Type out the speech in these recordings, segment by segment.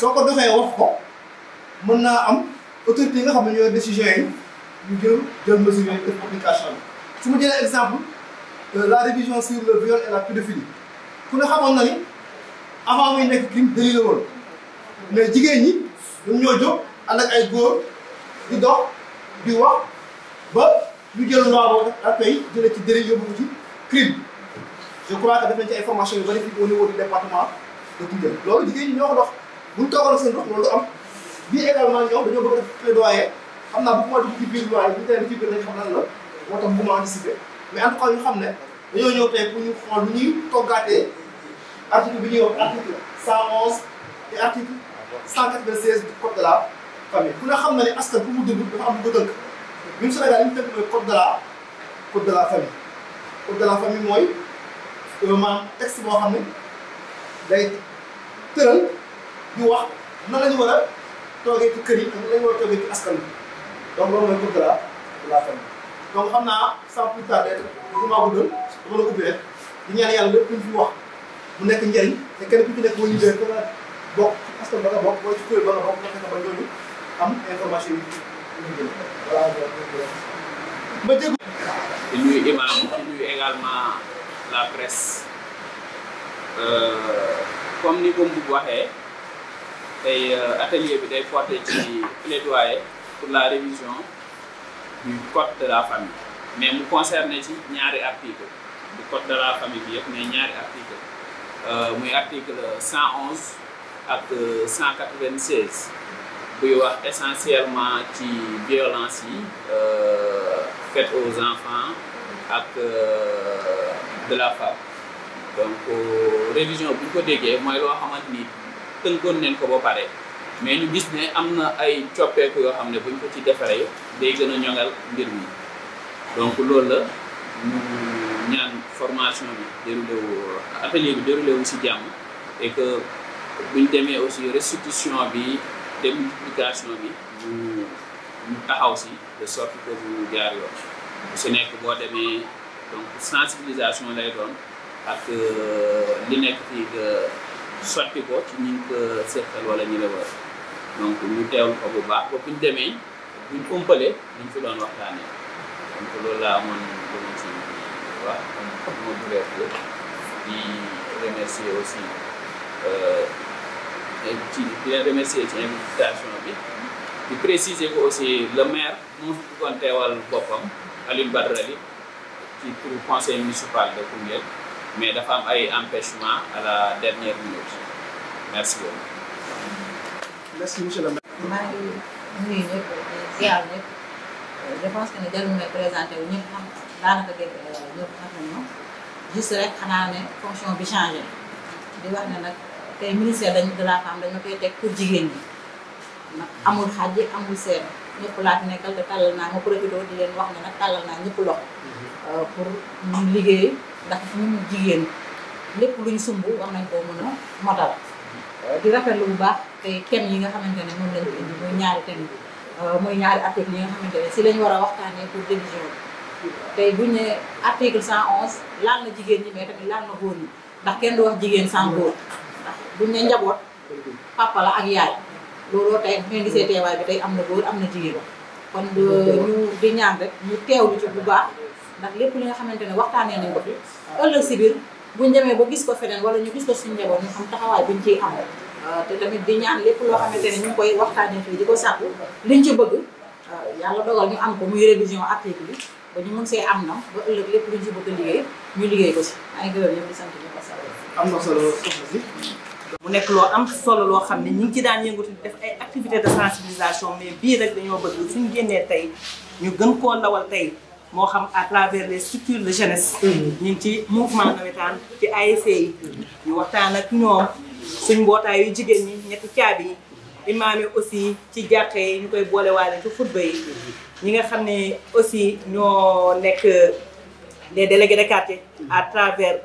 soo ko doxee wax ko mën naa am autorité yi nga xam ne ñooy décision yi ñu jël jël mesures yooyu application bi su ma jëlee exemple euh, la révision sur le viol et la pédophilie ku ne xamoon na ni avant muy nekk crime délit la woon mais jigéen ñi ñoom ñoo jóg ànd ak ay góor di dox di wax ba ñu jël loi boobu daal koy jëlee ci délit yóbbu ci crime je crois que def nañ ci ay formation yu bari fii au niveau du département de Koungheul loolu jigéen ñoo ko dox bu ñu toogoon seen bopp loolu du am xam na bu ma dugg ci biir loi bu teel ci biir lañ xam lan bu ma anticiper mais en tout ñu xam ne dañoo ñëw tey ñu xool lu bi ñuy wax article 111 et article 196 du code de la famille. ne xam na ne bu mu dund dafa am lu ko dënk mooy code de la code de la famille code de famille mooy maanaam texte xam ne day tëral. ñu wax nan lañu ñu toogee ci kër yi nan la ñu war toogee ci askan bi donc loolu mooy guddi la la famille donc xam naa sans plus tarder dama guddal dama la ubbi rek di ñaan yàlla lépp luñ fi wax mu nekk njëriñ te kenn ku ci nekk boo ñu jëlee dana bokk ci askan ba nga bokk boo ci kuréel ba nga bokk nga fexe ba ñooñu am information yi ñu jël voilà. ma jégalu. di nuyu imam di nuyu également la presse euh, comme ni ko Mbour waxee. tey euh, atelier bi day porté ci plaidoyer pour la révision du code de la famille mais mu concerné ci ñaari article du code de la famille bi yëpp mais ñaari article euh, muy article 111 ak 196 euh, buy wax essentiellement ci violence yi faites aux enfants ak de la femme donc révision bu ko déggee mooy loo xamante ni tënkoon neen ko ba pare mais ñu bis ne am na ay coppeeku yoo xam ne buñ ko ci defaree day gën a ñoŋal mbir mi donc loolu la ñu ñaan formation bi déroulé wu atelier bi déroulé wu si jàmm e que buñ demee aussi restitution bi démultiplication bi ñu ñu taxaw si de sorte que mu jaar yoon bu si nekk boo demee donc sensibilisation lay doon ak euh, li nekk fii sotti ko ci ñi ko seqal ñu la war donc ñu teewlu ko bu baax ba buñ demee buñ umpalee liñ fi doon waxtaanee donc loolu laa amoon dama ci di remercier aussi euh, ci di leen ci invitation bi di préciser ko aussi le maire moo fi bëggoon teewal boppam Alioune Badara ci pour conseil municipal de Koungheul mais dafa am ay empêchement à la dernière minute merci beaucoup. merci monsieur le maire. Euh, que ne jarul may présenté wu ñëpp xam daanaka dégg euh, ñëpp xam nañu ne fonction bi changé di wax ne nag tey ministère dañu dalaa la femme dañu koy teg pour jigéen ñi nag amul xàjji amul seen ñëpp laa fi nekkal te tàllal naa ma profité di leen wax ne nag tàllal naa ñëpp loxo mm-hmm. euh, pour ñu liggéey. ndax ñun jigéen lépp luñ sumb war nañ koo mën a motal di rafetlu bu baax te kenn yi nga xamante ne moom lañu indi mooy ñaari thème euh, mooy ñaari article yi nga si lañ war a waxtaanee pour révision bi tey buñ ne article 111 laal na jigéen ñi mais tamit laal na góor ñi ndax kenn du wax jigéen sans góor ndax buñ ne njaboot papa ak yaay looloo tey bu ñu gisee teewaay bi tey am na góor am na jigéen kon euh, ñu di ñaan rek ñu teewlu ci bu baax ndax lépp li nga xamante ne waxtaanee nañ ko fi ëllëg si biir buñ demee ba gis ko feneen wala ñu gis ko suñu njaboot ñu xam taxawaay buñ ciy am euh, te di ñaan lépp loo xamante ne ñu ngi koy waxtaanee fii di ko ci bëgg euh, yàlla dogal ñu am ko muy révision article bi ba ñu mën see am na ba ëllëg lépp luñ ci bëgg liggéey ñu liggéey sa am na solo mu nekk loo am solo loo xam ne ñu ngi ci daan yëngatu def ay activité de mais bii rek dañoo bëgg suñu génnee tey ñu gën koo lawal tey moo xam à travers les structures le jeunesse. Mm. ñu ngi ci mouvement nawetaan ci ASC yi. ñu waxtaan ak ñoom suñ mbootaay mbootaayu jigéen ñi ñetti caabi yi. imaam yi aussi ci jàkka yi ñu koy boolewaale ci football yi. ñi nga xam ne aussi ñoo nekk les délégués de quartier. à travers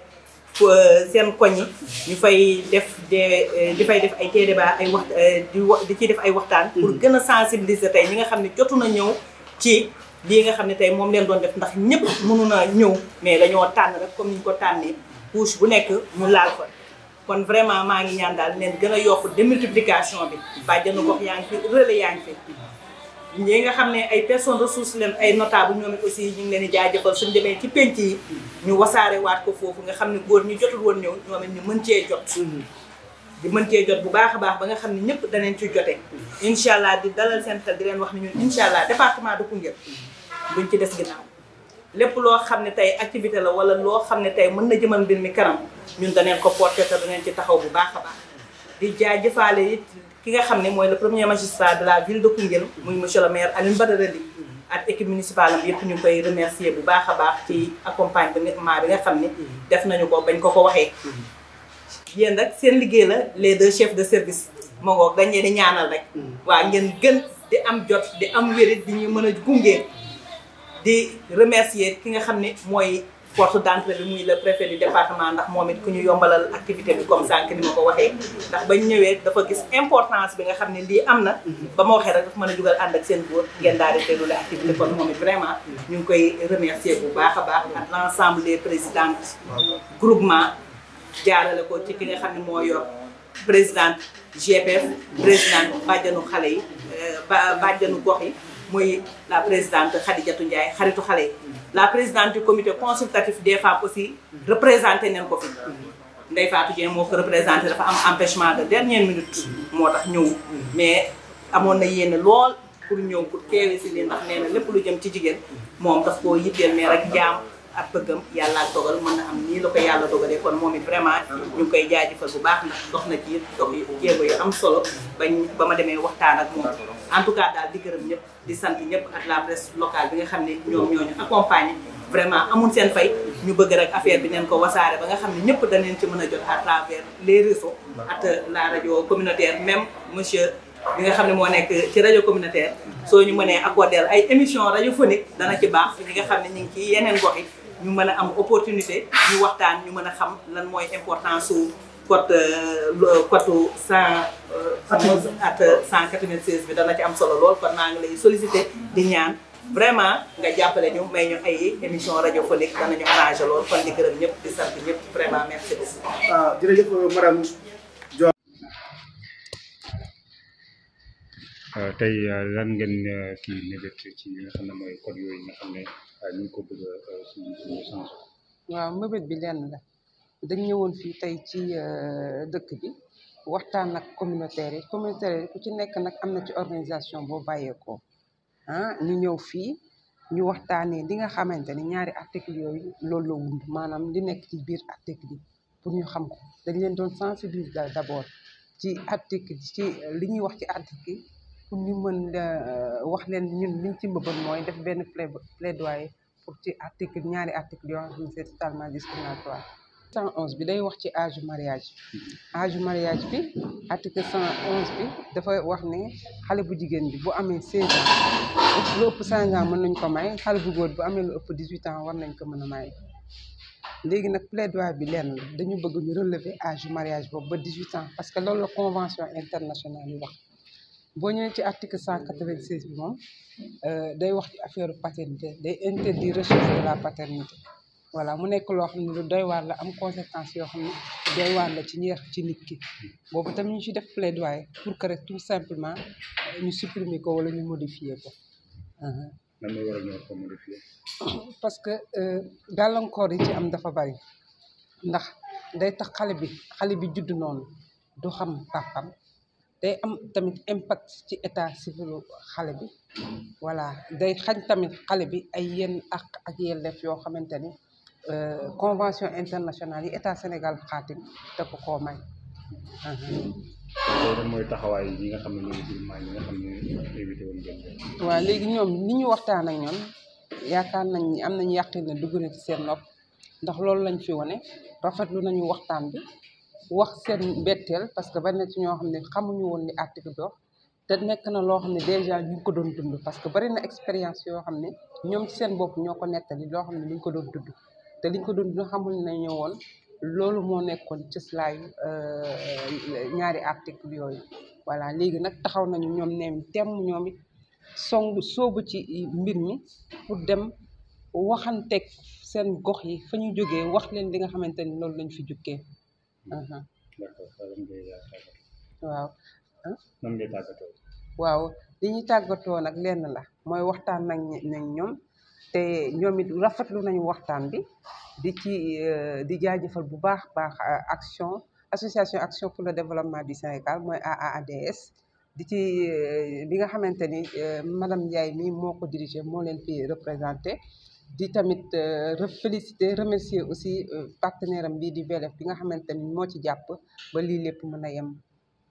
euh, seen koñ yi. ñu fay def de euh, di fay def ay tee ay wax euh, di ciy def ay waxtaan. pour mm. gën a sensibiliser tey ñi nga xam ne jotu na ñëw ci. lii nga xam ne tey moom leen doon def ndax ñëpp mënu na ñëw mais dañoo tànn rek comme ni ñu ko tànnee couche bu nekk ñu laal ko kon vraiment maa ngi ñaan daal neen gën a yokk démultiplication bi bàjjanu gox yaa ngi fi relais yaa ngi fi ñi nga xam ne ay personnes ressources leen ay notables ñoom it aussi ñu ngi leen di jaajëfal suñu demee ci penc yi ñu wasaare waat ko foofu nga xam ne góor ñu jotul woon ñëw ñoom it ñu mën cee jot di mën cee jot bu baax a baax ba nga xam ne ñëpp danañ ci jote incha allah di dalal seen di leen wax ne ñun incha allah département de Koungheul buñ ci des ginnaaw lépp loo xam ne tey activité la wala loo xam ne tey mën na jëmal mbir mi kanam ñun daneen ko porté te daneen ci taxaw bu baax a baax di jaajëfaale it ki nga xam ne mooy le premier magistrat de la ville de Koungheul mu monsieur le maire Alioune Badara Ly ak équipe municipale am ñu koy remercier bu baax a baax ci accompagne accompagnement bi nga xam ne def nañu ko bañ ko ko waxee yéen rek seen liggéey la les deux chefs de service moo ngoog dañ leen di ñaanal rek mm. waa ngeen gën di am jot di am wérit di ñu mën a gungee di remercier ki nga xam ne mooy porte d'entrée bi ñuy le préfet du département ndax moom it ku ñu yombalal activité bi comme sànq ni ma ko waxee ndax bañ ñëwee dafa gis importance bi nga xam ne lii am na ba ma waxee rek dafa mën a jugal ànd ak seen góor ngeen daal di déroulé activité kon moom it vraiment ñu ngi koy remercier bu baax a baax ak l'ensemble des présidents groupement jaarale ko ci ki nga xam ne moo yor présidente GPF présidente bàjjanu xale yi euh, bàjjanu gox yi mooy la présidente Khadijatou Ndiaye xaritu xale yi. la présidente du comité consultatif des femmes aussi représenté neen ko fi. Ndeye Fatou Dieng moo ko représenté dafa am empêchement de dernière minute. moo tax ñëw mais amoon na yéene lool pour ñëw pour teewe si lii ndax nee lépp lu jëm ci jigéen moom daf koo yitteel mais rek jaam ak bëggam yàlla ak dogal mën na am nii la ko yàlla dogalee kon moom i vraiment ñu ngi koy jaajëfal bu baax ndax dox na ci dox jéego yu am solo bañ ba ma demee waxtaan ak moom en tout cas daal di gërëm ñëpp. di sant ñëpp ak la presse locale bi nga xam ne ñoom ñoo ñu accompagné vraiment amul seen fay ñu bëgg rek affaire bi neen ko wasaare ba nga xam ne ñëpp daneen ci mën a jot à travers les réseaux ak euh, la rajo communautaire même monsieur bi nga xam ne moo nekk ci rajo communautaire soo ñu mënee accordé ay émission rajo radiophonique dana ci baax ñi nga xam ne ñu ngi ci yeneen gox ñu mën a am opportunité ñu waxtaan ñu mën a xam lan mooy importance su code code euh, cent onze euh, at cent quatre-vingt-seize bi dana ci am solo lool kon maa ngi lay sollicité di ñaan vraiment nga jàppale ñu may ñu ay émission radiophonique danañu arrangé lool kon di gërëm ñëpp di sant ñëpp vraiment merci ah, euh, tey lan ngeen kii mébét ci li nga xam ne mooy code yooyu nga xam ne ñu ko bëgg a suñu waaw mébét bi lenn la. dañ ñëwoon fii tey ci euh, dëkk bi waxtaan nag communautaire yi communautaire ci nekk nag am na ci organisation boo bàyyeekoo ah ñu ñëw fii ñu waxtaanee li nga xamante ni ñaari article yooyu loolu la wund maanaam li nekk ci biir article yi pour ñu xam ko dañ leen doon sensibiliser d'abord ci article ci li ñuy wax ci article pour ñu mën euh, wax leen ñun liñ ci mbëbën mooy def benn plaidoyer pour ci article ñaari article yoo xam ne c'est totalement discriminatoire cent onze bi day wax ci âge mariage hmm. âge mariage bi article cent onze bi dafa wax ne xale bu jigéen bi bu amee seize ans lu ëpp cinq ans mën nañ ko may xale bu góor bu amee lu ëpp dix huit ans war nañ ko mën a may léegi nag plaidoyer bi lenn la dañu bëgg ñu relever âge mariage boobu ba dix huit ans parce que loolu la convention internationale yi wax boo ñëwee ci article cent quatre vingt seize bi moom euh, day wax ci affaire paternité day interdire recherche de la paternité voilà mu nekk loo xam ne lu doy waar la am conséquence yoo xam ne doy waar la ci ñeex ci nit ki boobu tamit ñu ci def plaidoyer pour que rek tout simplement ñu supprimer ko wala ñu modifier ko. lan moo euh, gàllankoor yi ci am dafa bari ndax day tax xale bi xale bi judd noonu doo xam papam day am tamit impact ci état civil xale bi voilà day xañ tamit xale bi ay yenn ak ak yelleef yoo xamante ni. Euh, convention internationale yi état Sénégal xaatim te ko koo may. loolu mooy taxawaay yi nga xam ne ñoom musulman yi léegi ñoom ni ñu waxtaan ak ñoom yaakaar nañ am nañu yàqin ne dugg na ci seen nopp ndax loolu lañ fi wane rafetlu nañu waxtaan bi wax seen mbetteel parce que bari na ci ñoo xam ne xamuñu woon ni article bi te nekk na loo xam ne déjà ñu ngi ko doon dund parce que bari na expérience yoo xam ne ñoom ci seen bopp ñoo ko nettali loo xam ne ñu ngi ko doon dund te liñ ko doon dund xamul nañu woon loolu moo nekkoon cëslaayu euh, ñaari article yooyu voilà léegi nag taxaw nañu ñoom neem tem ñoom it song soobu ci mbir mi pour dem waxanteeg seen gox yi fa ñu jógee wax leen li nga xamante ni loolu lañu fi jukkee waaw li ñuy tàggatoo nag lenn la mooy waxtaan nag nañ ñoom te ñoom it rafetlu nañu waxtaan bi di ci euh, di jaajëfal bu baax baax euh, action association action pour le développement du Sénégal mooy AAADS di ci euh, bi nga xamante ni madame Ndiaye mii moo ko dirigé moo leen fi représenté di tamit féliciter remercier aussi partenaire am bii di VLF bi nga xamante ni moo ci jàpp ba lii lépp mën a yem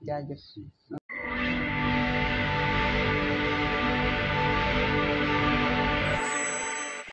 jaajëf